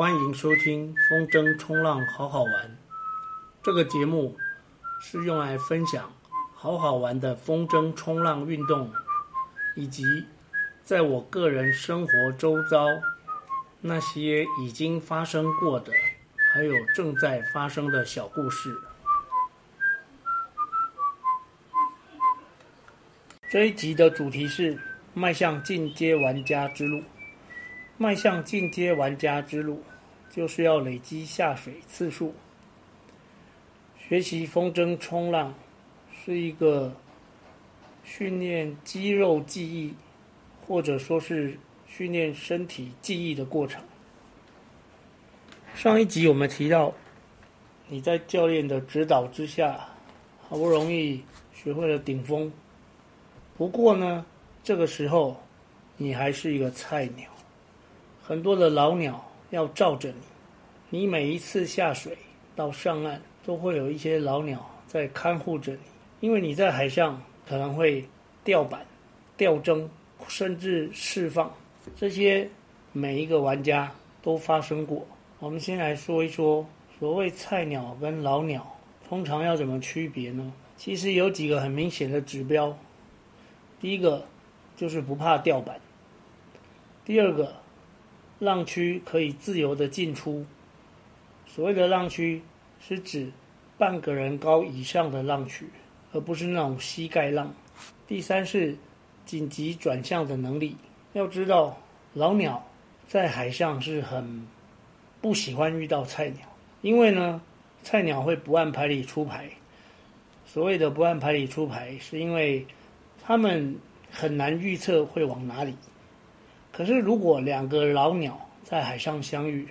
歡迎收聽風箏衝浪好好玩，這個節目是用來分享好好玩的風箏衝浪運動，以及在我個人生活周遭那些已經發生過的，還有正在發生的小故事。這一集的主題是邁向進階玩家之路。邁向進階玩家之路，就是要累積下水次數。學習風箏衝浪，是一個訓練肌肉記憶，或者說是訓練身體記憶的過程。上一集我們提到，你在教練的指導之下，好不容易學會了頂風，不過呢，這個時候你還是一個菜鳥。很多的老鳥要罩着你，你每一次下水到上岸都會有一些老鳥在看護着你，因為你在海上可能會掉板、掉箏，甚至釋放，這些每一個玩家都發生過。我們先來說一說，所謂菜鳥跟老鳥通常要怎麼區別呢？其實有幾個很明顯的指標，第一個就是不怕掉板，第二個。浪區可以自由的進出。所謂的浪區是指半個人高以上的浪區，而不是那種膝蓋浪。第三是緊急轉向的能力。要知道，老鳥在海上是很不喜歡遇到菜鳥，因為呢，菜鳥會不按牌理出牌。所謂的不按牌理出牌，是因為他們很難預測會往哪裡。可是，如果兩個老鳥在海上相遇，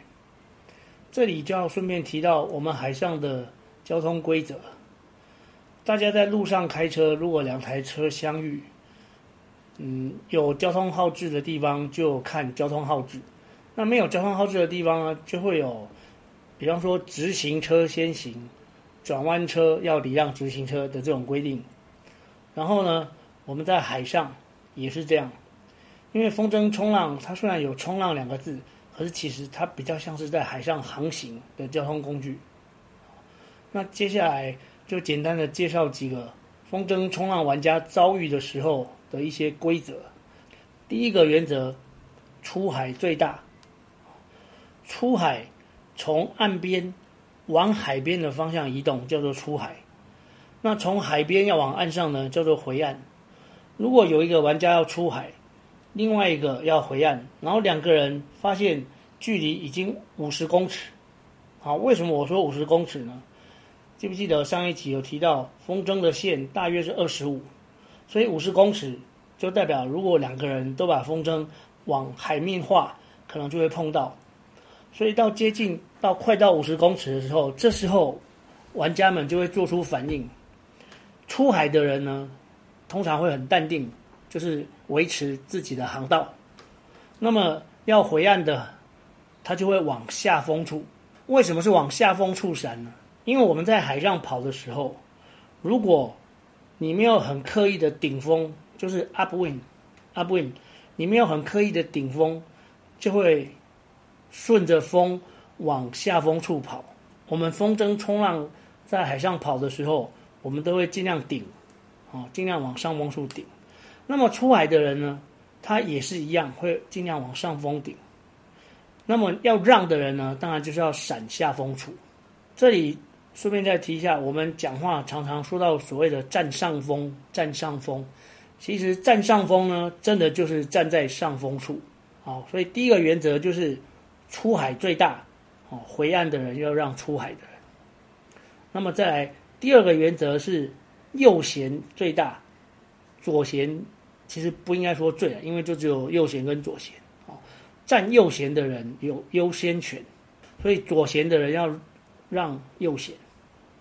這裡就要順便提到我們海上的交通規則。大家在路上開車，如果兩台車相遇，嗯，有交通號志的地方就看交通號志；那沒有交通號志的地方呢，就會有，比方說直行車先行，轉彎車要禮讓直行車的這種規定。然後呢，我們在海上也是這樣。因為風箏衝浪，它雖然有衝浪兩個字，可是其實它比較像是在海上航行的交通工具。那接下來就簡單的介紹幾個風箏衝浪玩家遭遇的時候的一些規則。第一個原則：出海最大。出海，從岸邊往海邊的方向移動，叫做出海。那從海邊要往岸上呢，叫做回岸。如果有一個玩家要出海，另外一個要回岸，然後兩個人發現距離已經五十公尺。好，為什麼我說五十公尺呢？記不記得上一集有提到風箏的線大約是二十五，所以五十公尺就代表如果兩個人都把風箏往海面畫，可能就會碰到。所以到接近到快到五十公尺的時候，這時候玩家們就會做出反應。出海的人呢，通常會很淡定。就是維持自己的航道，那麼要回岸的，它就會往下風處。為什麼是往下風處閃呢？因為我們在海上跑的時候，如果你沒有很刻意的頂風，就是 upwind，upwind，up 你沒有很刻意的頂風，就會順着風往下風處跑。我們風箏衝浪在海上跑的時候，我們都會盡量頂，啊，盡量往上風處頂。那麼出海的人呢，他也是一樣，會盡量往上風頂。那麼要讓的人呢，當然就是要閃下風處。這裡順便再提一下，我們講話常常說到所謂的佔上風，佔上風。其實佔上風呢，真的就是站在上風處。好，所以第一個原則就是出海最大，回岸的人要讓出海的人。那麼再來第二個原則是右舷最大，左舷。其實不應該說最了，因為就只有右舷跟左舷。哦，站右舷的人有優先權，所以左舷的人要讓右舷。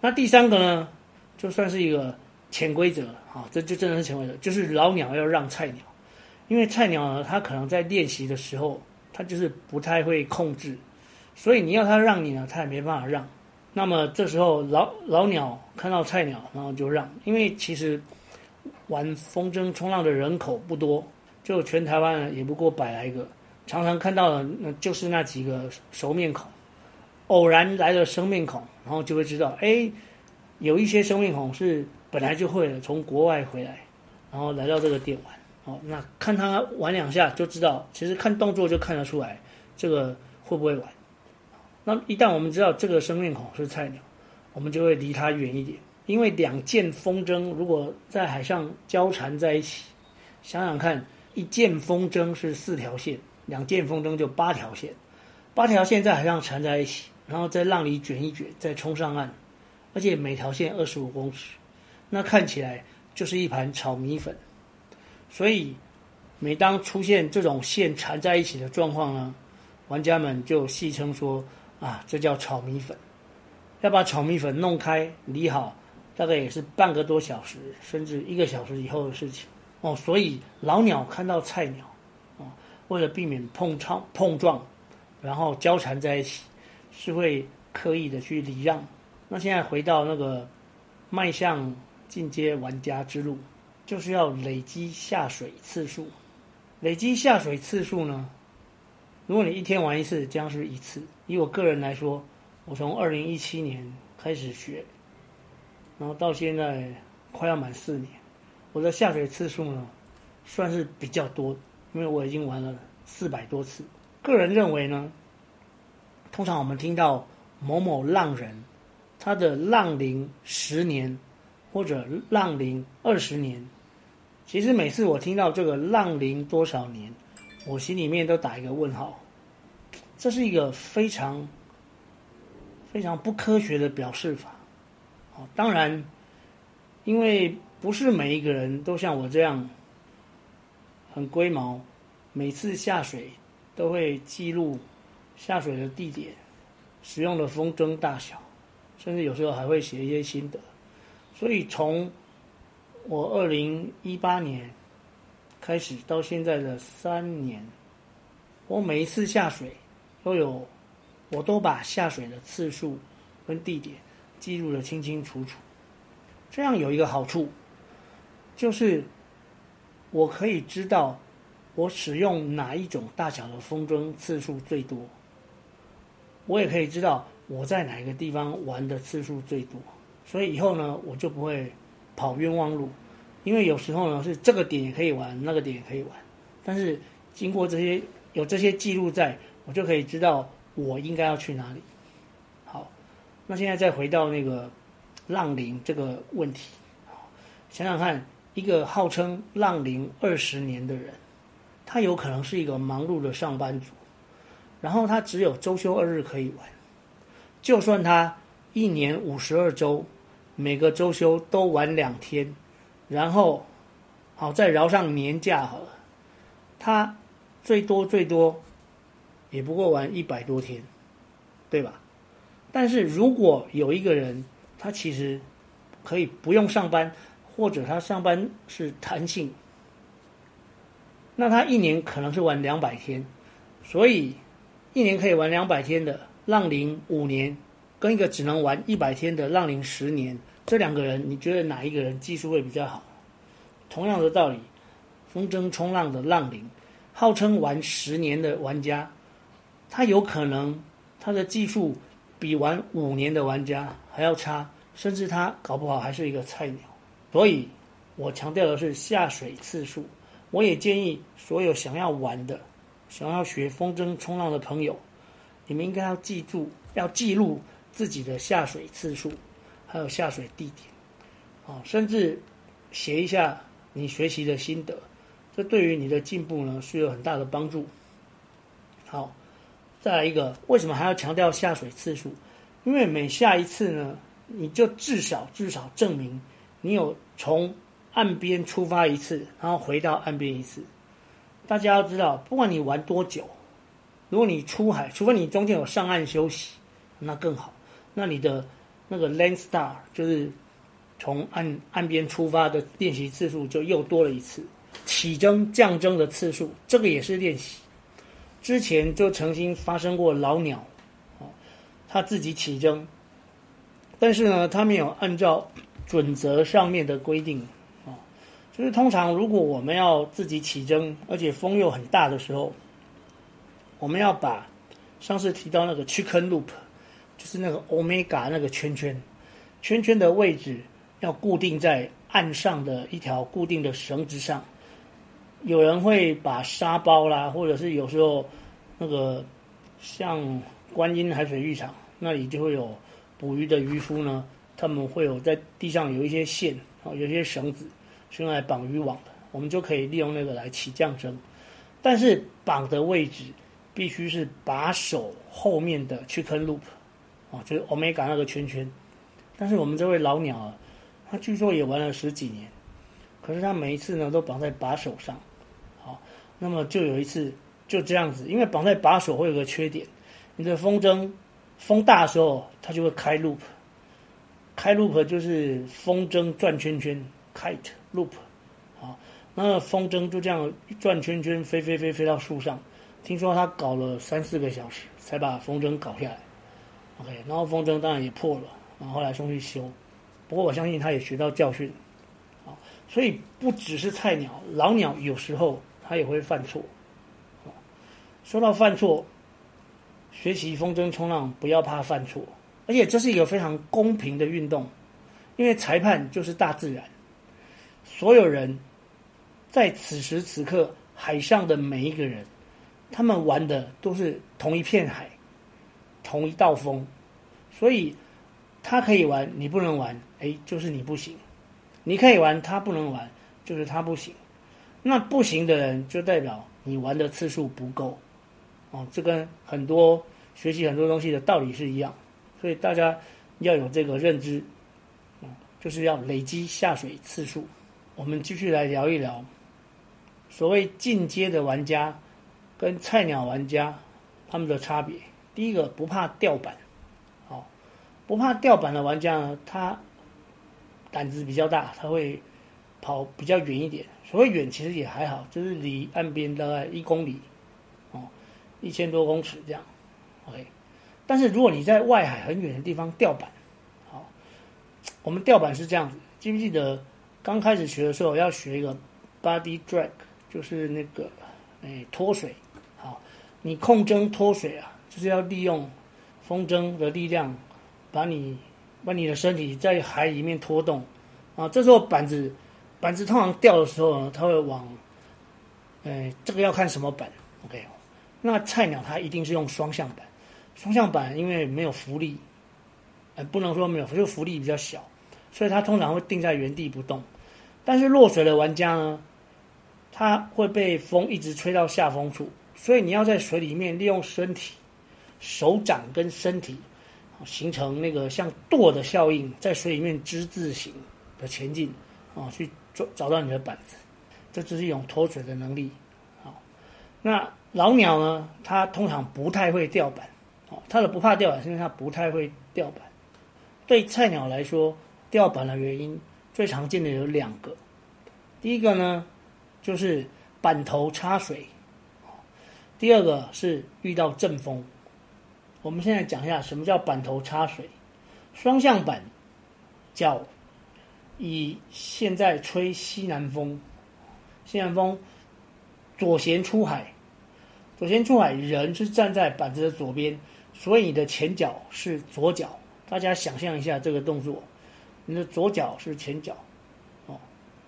那第三個呢，就算是一個潛規則，哈、哦，這就真的是潛規則，就是老鳥要讓菜鳥，因為菜鳥呢，他可能在練習的時候，他就是不太會控制，所以你要他讓你呢，他也沒辦法讓。那麼這時候老老鳥看到菜鳥，然後就讓，因為其實，玩風箏衝浪的人口不多，就全台灣也不過百來個，常常看到的就是那幾個熟面孔，偶然來了生面孔，然後就會知道，哎，有一些生面孔是本來就會的，從國外回來，然後來到這個店玩，哦，那看他玩兩下就知道，其實看動作就看得出來這個會不會玩，那一旦我們知道這個生面孔是菜鳥，我們就會離他遠一點。因為兩件風箏如果在海上交纏在一起，想想看，一件風箏是四條線，兩件風箏就八條線，八條線在海上纏在一起，然後在浪裡卷一卷，再沖上岸，而且每條線二十五公尺，那看起來就是一盤炒米粉。所以，每當出現這種線纏在一起的狀況呢，玩家們就戲稱說：“啊，這叫炒米粉。”要把炒米粉弄開，理好。大概也是半個多小時，甚至一個小時以後的事情哦。所以老鳥看到菜鳥，啊、哦，為了避免碰撞碰撞，然後交纏在一起，是會刻意的去禮讓。那現在回到那個邁向進階玩家之路，就是要累積下水次數。累積下水次數呢，如果你一天玩一次，將是一次。以我個人來說，我從二零一七年開始學。然後到現在快要滿四年，我的下水次數呢，算是比較多，因為我已經玩了四百多次。個人認為呢，通常我們聽到某某浪人，他的浪齡十年或者浪齡二十年，其實每次我聽到這個浪齡多少年，我心裡面都打一個問號，這是一個非常非常不科學的表示法。當然，因為不是每一個人都像我這樣很龜毛，每次下水都會記錄下水的地點、使用的風箏大小，甚至有時候還會寫一些心得。所以從我二零一八年開始到現在的三年，我每一次下水都有，我都把下水的次數跟地點。記錄的清清楚楚，這樣有一個好處，就是我可以知道我使用哪一種大小的風箏次數最多，我也可以知道我在哪個地方玩的次數最多，所以以後呢，我就不會跑冤枉路，因為有時候呢是這個點也可以玩，那個點也可以玩，但是經過這些有這些記錄在，在我就可以知道我應該要去哪裡。那現在再回到那個浪齡這個問題，想想看，一個號稱浪齡二十年的人，他有可能是一個忙碌的上班族，然後他只有周休二日可以玩。就算他一年五十二周，每個周休都玩兩天，然後好再饒上年假好了，他最多最多也不過玩一百多天，對吧？但是如果有一個人，他其實可以不用上班，或者他上班是彈性，那他一年可能是玩兩百天，所以一年可以玩兩百天的浪齡五年，跟一個只能玩一百天的浪齡十年，這兩個人你覺得哪一個人技術會比較好？同樣的道理，風箏衝浪的浪齡，號稱玩十年的玩家，他有可能他的技術比玩五年的玩家還要差，甚至他搞不好還是一個菜鳥。所以，我強調的是下水次數。我也建議所有想要玩的、想要學風箏衝浪的朋友，你們應該要記住，要記錄自己的下水次數，還有下水地點，啊，甚至寫一下你學習的心得。這對於你的進步呢，是有很大的幫助。好。再來一個，為什麼還要強調下水次數？因為每下一次呢，你就至少至少證明你有從岸邊出發一次，然後回到岸邊一次。大家要知道，不管你玩多久，如果你出海，除非你中間有上岸休息，那更好。那你的那個 land star 就是從岸岸邊出發的練習次數就又多了一次，起箏降箏的次數，這個也是練習。之前就曾經發生過老鳥，啊、哦，他自己起箏，但是呢，他沒有按照準則上面的規定，啊、哦，就是通常如果我們要自己起箏，而且風又很大的時候，我們要把上次提到那個 chicken loop，就是那個 omega 那個圈圈，圈圈的位置要固定在岸上的一條固定的繩子上。有人會把沙包啦，或者是有時候那個像觀音海水浴場那裡就會有捕魚的漁夫呢，他們會有在地上有一些線啊，有一些繩子是用來綁漁網的，我們就可以利用那個來起降繩，但是綁的位置必須是把手後面的 chicken loop 啊，就是 Omega 那個圈圈。但是我們這位老鳥啊，他據說也玩了十幾年，可是他每一次呢都綁在把手上。那麼就有一次就這樣子，因為綁在把手會有個缺點，你的風箏風大的時候它就會開 loop，開 loop 就是風箏轉圈圈，kite loop，好，那風箏就這樣轉圈圈飛飛飛飛到樹上，聽說他搞了三四個小時才把風箏搞下來，OK，然後風箏當然也破了，然後後來送去修，不過我相信他也學到教訓，啊，所以不只是菜鳥，老鳥有時候。他也會犯錯。說到犯錯，學習風箏衝浪不要怕犯錯，而且這是一個非常公平的運動，因為裁判就是大自然。所有人在此時此刻海上的每一個人，他們玩的都是同一片海，同一道風，所以他可以玩，你不能玩，哎，就是你不行；你可以玩，他不能玩，就是他不行。那不行的人就代表你玩的次數不夠，啊，這跟很多學習很多東西的道理是一樣，所以大家要有這個認知，啊，就是要累積下水次數。我們繼續來聊一聊，所謂進階的玩家跟菜鳥玩家他們的差別。第一個不怕掉板，好，不怕掉板的玩家呢，他膽子比較大，他會。跑比較遠一點，所謂遠其實也還好，就是離岸邊大概一公里，哦，一千多公尺這樣，OK。但是如果你在外海很遠的地方掉板，好、哦，我們掉板是這樣子，記不記得剛開始學的時候要學一個 body drag，就是那個哎脫、欸、水，好、哦，你控箏脫水啊，就是要利用風箏的力量把你把你的身體在海裡面拖動，啊，這時候板子。板子通常掉的時候呢，它會往，哎，這個要看什麼板，OK，那菜鳥它一定是用雙向板，雙向板因為沒有浮力，哎，不能說沒有，就浮力比較小，所以它通常會定在原地不動。但是落水的玩家呢，他會被風一直吹到下風處，所以你要在水裡面利用身體、手掌跟身體形成那個像舵的效應，在水裡面之字形的前進，啊、哦，去。找到你的板子，這只是一種脫水的能力。好，那老鳥呢？他通常不太會掉板。哦，他的不怕掉板，是因為他不太會掉板。對菜鳥來說，掉板的原因最常見的有兩個。第一個呢，就是板頭插水。第二個是遇到陣風。我們現在講一下什麼叫板頭插水。雙向板叫。以現在吹西南風，西南風，左舷出海，左舷出海，人是站在板子的左邊，所以你的前腳是左腳。大家想象一下這個動作，你的左腳是前腳，哦，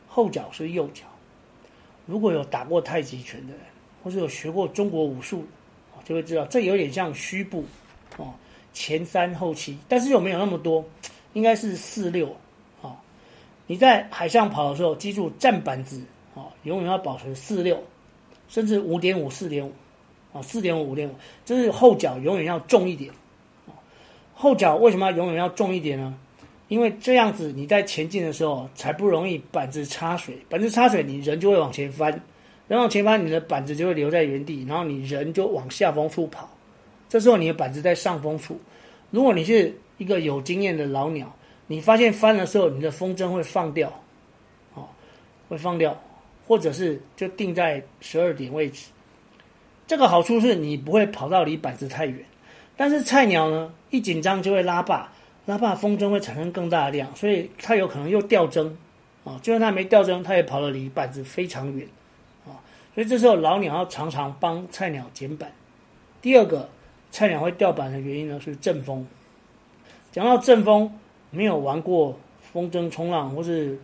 後腳是右腳。如果有打過太極拳的人，或是有學過中國武術的，就會知道，這有點像虛步，哦，前三後七，但是又沒有那麼多，應該是四六。你在海上跑的時候，記住站板子，啊、哦，永遠要保持四六，甚至五點五四點五，啊，四點五五點五，就是後腳永遠要重一點、哦。後腳為什麼要永遠要重一點呢？因為這樣子你在前進的時候才不容易板子插水。板子插水，你人就會往前翻，人往前翻，你的板子就會留在原地，然後你人就往下風處跑。這時候你的板子在上風處。如果你是一個有經驗的老鳥。你發現翻的時候，你的風箏會放掉，哦，會放掉，或者是就定在十二點位置。這個好處是你不會跑到離板子太遠。但是菜鳥呢，一緊張就會拉把，拉把風箏會產生更大的量，所以它有可能又掉箏，啊，就算它沒掉箏，它也跑得離板子非常遠，啊，所以這時候老鳥要常常幫菜鳥撿板。第二個，菜鳥會掉板的原因呢是陣風。講到陣風。沒有玩過風箏衝浪或是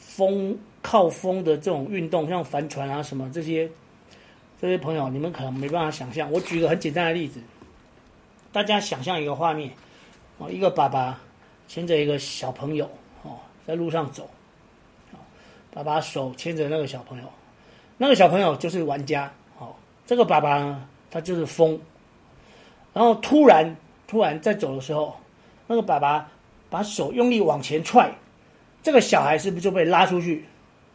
風靠風的這種運動，像帆船啊什麼這些，這些朋友你們可能沒辦法想象我舉個很簡單的例子，大家想象一個畫面：哦，一個爸爸牽着一個小朋友哦，在路上走，爸爸手牽着那個小朋友，那個小朋友就是玩家，哦，這個爸爸呢他，就是風，然後突然突然在走的時候。那個爸爸把手用力往前踹，這個小孩是不是就被拉出去？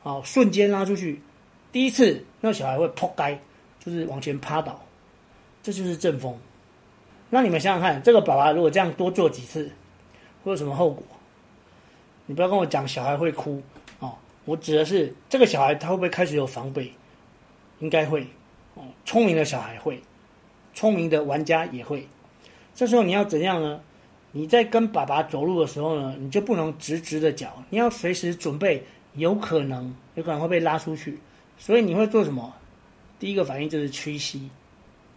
哦，瞬間拉出去。第一次，那個小孩會撲街，就是往前趴倒。這就是陣風。那你們想想看，這個爸爸如果這樣多做幾次，會有什麼後果？你不要跟我講小孩會哭哦，我指的是這個小孩他會不會開始有防備？應該會哦，聰明的小孩會，聰明的玩家也會。這時候你要怎樣呢？你在跟爸爸走路的時候呢，你就不能直直的腳，你要隨時準備有可能有可能會被拉出去，所以你會做什麼？第一個反應就是屈膝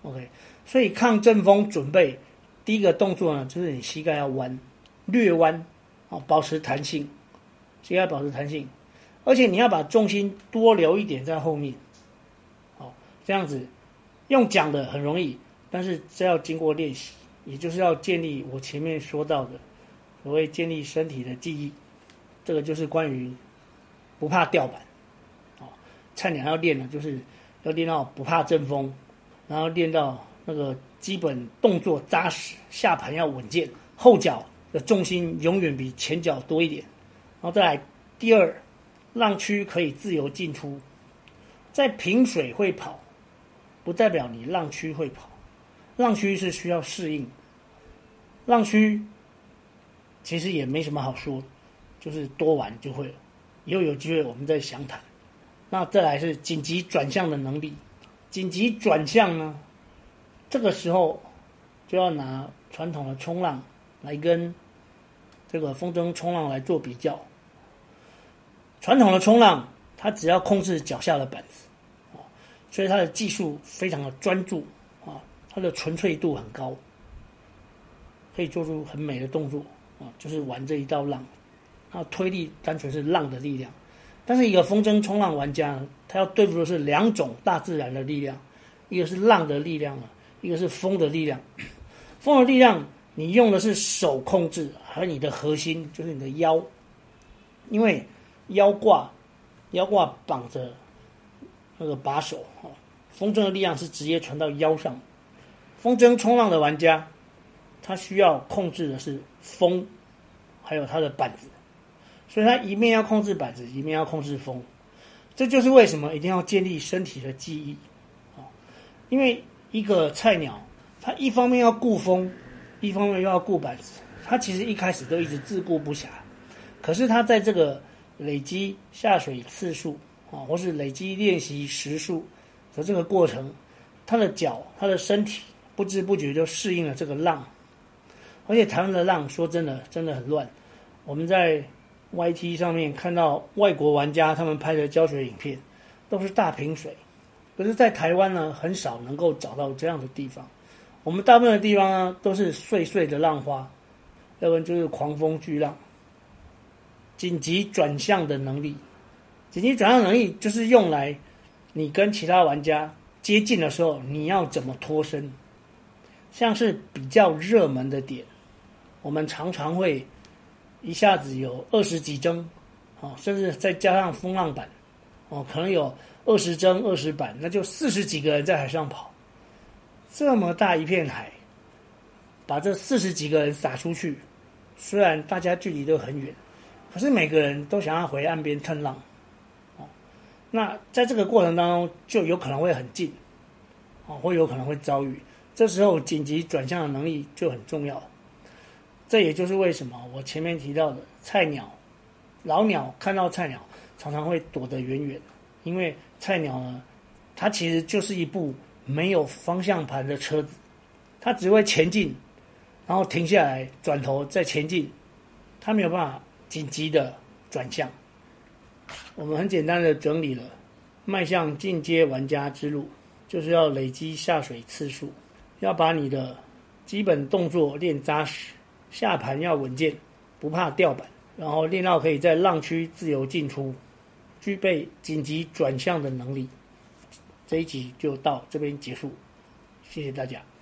，OK。所以抗陣風準備第一個動作呢，就是你膝蓋要彎，略彎，哦，保持彈性，膝蓋保持彈性，而且你要把重心多留一點在後面，哦，這樣子用講的很容易，但是這要經過練習。也就是要建立我前面說到的所謂建立身體的記憶，這個就是關於不怕掉板。啊、哦，菜鳥要練的，就是要練到不怕陣風，然後練到那個基本動作扎實，下盤要穩健，後腳的重心永遠比前腳多一點。然後再來第二，浪區可以自由進出，在平水會跑，不代表你浪區會跑。浪區是需要適應，浪區其實也沒什麼好說，就是多玩就會了。以後有機會我們再詳談。那再來是緊急轉向的能力，緊急轉向呢，這個時候就要拿傳統的衝浪來跟這個風箏衝浪來做比較。傳統的衝浪，它只要控制腳下的板子，所以它的技術非常的專注。它的純粹度很高，可以做出很美的動作啊，就是玩這一道浪。那推力單純是浪的力量，但是一個風箏衝浪玩家，他要對付的是兩種大自然的力量，一個是浪的力量啊，一個是風的力量。風的力量，你用的是手控制，和你的核心就是你的腰，因為腰掛，腰掛綁着那個把手啊，風箏的力量是直接傳到腰上。風箏衝浪的玩家，他需要控制的是風，還有他的板子，所以他一面要控制板子，一面要控制風。這就是為什麼一定要建立身體的記憶啊、哦！因為一個菜鳥，他一方面要顧風，一方面又要顧板子，他其實一開始都一直自顧不暇。可是他在這個累積下水次數啊、哦，或是累積練習時數的這個過程，他的腳，他的身體。不知不覺就適應了這個浪，而且台灣的浪，說真的，真的很亂。我們在 YT 上面看到外國玩家他們拍的教學影片，都是大平水，可是，在台灣呢，很少能夠找到這樣的地方。我們大部分的地方呢，都是碎碎的浪花，要不然就是狂風巨浪。緊急轉向的能力，緊急轉向能力就是用來你跟其他玩家接近的時候，你要怎麼脫身。像是比較熱門的點，我們常常會一下子有二十幾箏哦，甚至再加上風浪板，哦，可能有二十箏二十板，那就四十幾個人在海上跑，這麼大一片海，把這四十幾個人撒出去，雖然大家距離都很遠，可是每個人都想要回岸邊吞浪，哦，那在這個過程當中就有可能會很近，哦，會有可能會遭遇。這時候緊急轉向的能力就很重要，這也就是為什麼我前面提到的菜鳥、老鳥看到菜鳥常常會躲得遠遠，因為菜鳥呢，它其實就是一部沒有方向盤的車子，它只會前進，然後停下來，轉頭再前進，它沒有辦法緊急的轉向。我們很簡單的整理了邁向進階玩家之路，就是要累積下水次數。要把你的基本動作練扎實，下盤要穩健，不怕掉板，然後練到可以在浪區自由進出，具備緊急轉向的能力。這一集就到這邊結束，謝謝大家。